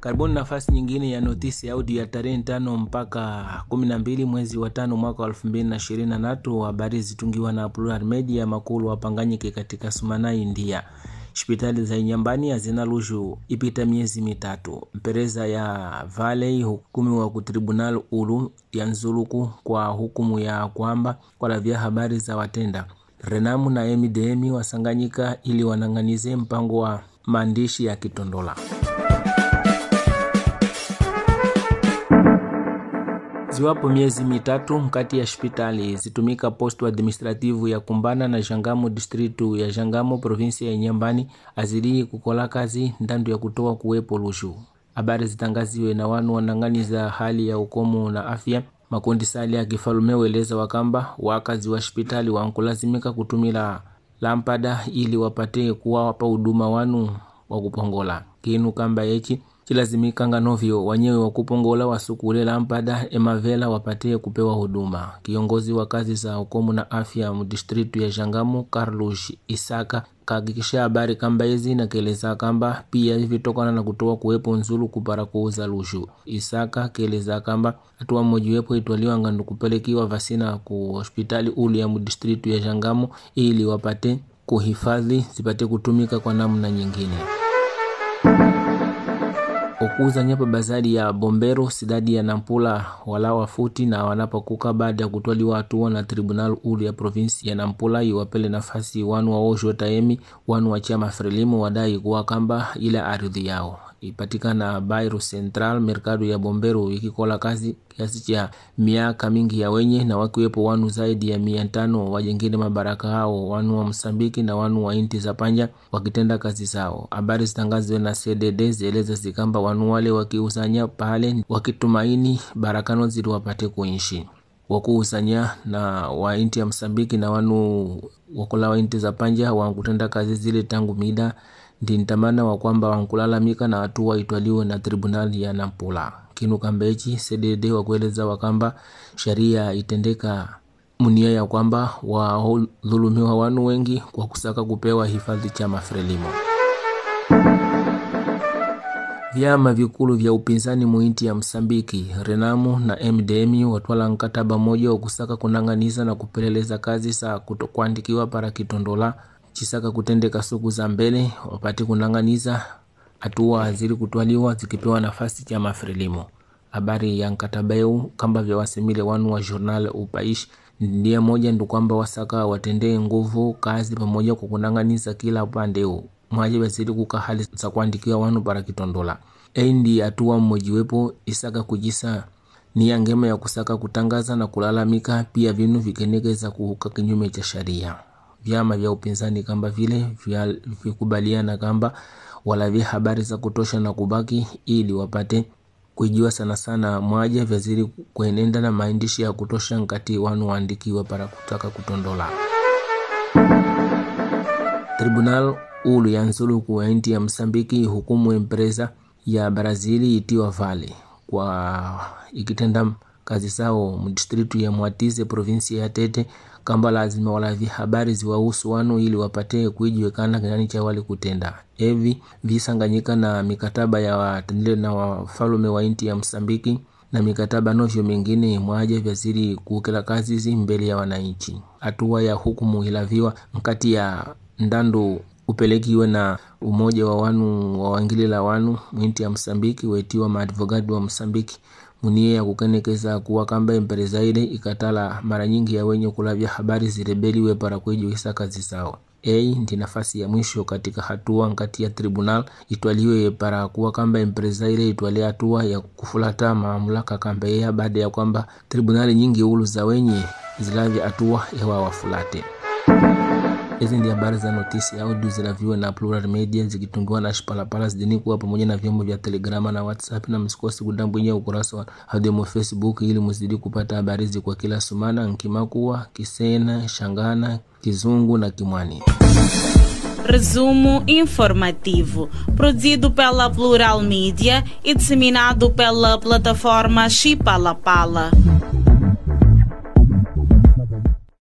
Karibuni nafasi nyingine ya notisi audio ya tarehe tano mpaka 12 mwezi wa tano mwaka 2023. Habari zitungiwa na Plural Media. Makulu wapanganyike katika Sumana, India. Hospitali za Inyambani hazina lushu ipita miezi mitatu. Mpereza ya Valley hukumiwa ku tribunal ulu ya Nzuluku kwa hukumu ya kwamba kwalavya habari za watenda Renamu na MDM wasanganyika ili wanang'anize mpango wa maandishi ya Kitondola. ziwapo miezi mitatu mkati ya hospitali zitumika posto administrativu ya kumbana na Jangamo distritu ya Jangamo provinsia ya Nyambani azilii kukola kazi ndandu ya kutoa kuwepo lushu. Habari zitangaziwe na wanu wanang'aniza hali ya ukomo na afya makundi sali ya kifalume weleza wakamba wakazi wa hospitali wankulazimika kutumila lampada ili wapate kuwawapa huduma wanu wa kupongola kinu kamba yechi chilazimikanga novyo wanyewe wakupongola wasukule mpada emavela wapatee kupewa huduma. Kiongozi wa kazi za ukomu na afya mudistritu ya jangamu Carlos Isaka kahakikisha habari kamba hizi keleza kamba pia vitokana na kutoa kuwepo nzulu kupara kuuza lushu. Isaka keleza kamba hatua mmojiwepo itwaliwanga kupelekiwa vasina ku hospitali ulu ya mudistritu ya jangamu ili wapate kuhifadhi zipate kutumika kwa namna nyingine uzanyapa bazari ya bombero sidadi ya Nampula walawa futi na wanapakuka baada ya kutwaliwa hatua na tribunal huru ya provinsi ya Nampula iwapele nafasi wanu wa Oshotayemi wanu wa chama Frelimo wadai kuwa kamba ila ardhi yao ipatikana Bairo Central merkado ya Bombero ikikola kazi kiasi cha miaka mingi ya wenye na wakiwepo wanu zaidi ya mia tano wajengine mabaraka hao wanu wa Msambiki na wanu wa inti za panja wakitenda kazi zao. Habari zitangazwe na CDD zieleza zikamba wanu wale wakiusanya pale wakitumaini barakano ziliwapate kuishi wakuusanya na wainti ya Msambiki na wanu wakola wainti za panja wakutenda kazi zile tangu mida ndi ntamana wa kwamba wankulalamika na hatua itwaliwe na tribunali ya Nampula. Kinu kambechi CDD wakueleza kamba sharia itendeka munia ya kwamba wadhulumiwa wanu wengi kwa kusaka kupewa hifadhi cha mafrelimo. Vyama vikulu vya upinzani muinti ya Msambiki Renamu na MDM watwala nkataba moja wa kusaka kunang'aniza na kupeleleza kazi saa kutokuandikiwa para kitondola chisaka kutendeka suku za mbele wapate kunang'aniza hatua zili kutwaliwa zikipewa nafasi chama Frelimo. Habari ya nkatabeu kamba vya wasemile wanu wa journal upaish ndiye moja ndu kwamba wasaka watendee nguvu kazi pamoja kwa kunang'aniza kila upande huu mwaje basili kuka hali za kuandikia wanu para kitondola ei ndi hatua mmojiwepo isaka kujisa ni yangema ya kusaka kutangaza na kulalamika pia vinu vikenekeza kuhuka kinyume cha sharia vyama vya upinzani kamba vile vikubaliana kamba walavye habari za kutosha na kubaki ili wapate kujua sana sana mwaja vyaziri kuenenda na maandishi ya kutosha nkati wanu waandikiwa para kutaka kutondola tribunal ulu yansulu kuwa nti ya msambiki hukumu empresa ya brazili itiwa vale kwa ikitenda kazi sao mdistritu ya mwatize provinsi ya tete kwamba lazima walavi habari ziwahusu wanu ili wapate kuijiwekana kinani cha wali kutenda evi visanganyika na mikataba ya watendele na wafalume wa inti ya Msambiki na mikataba nosho mingine mwaje kukila kazi zi mbele ya wananchi. Hatua ya hukumu ilaviwa mkati ya ndandu upelekiwe na umoja wa wanu wa wangili la wanu mwinti ya Msambiki wetiwa maadvogadi wa Msambiki munie ya kukenekeza kuwa kamba ile ikatala mara nyingi ya wenye kulavya habari zirebeliwe para kwejiwisa kazi zao a ndi nafasi ya mwisho katika hatua nkati ya tribunal itwaliwe para kuwa kamba ile itwale hatua ya kufulata maamulaka kamba yeya baada ya kwamba tribunali nyingi ulu za wenye zilavya hatua wafulate Hizi ndio habari za Notisi Audio zinavyoona na Plural Media zikitungiwa na Shipalapala zidini kuwa pamoja na vyombo vya Telegrama na WhatsApp, na msikose kudambwinya ukurasa wa mu Facebook ili mzidi kupata habari hizi kwa kila sumana, Nkimakuwa, Kisena, Shangana, Kizungu na Kimwani. Resumo informativo, produzido pela Plural Media e disseminado pela plataforma Pala.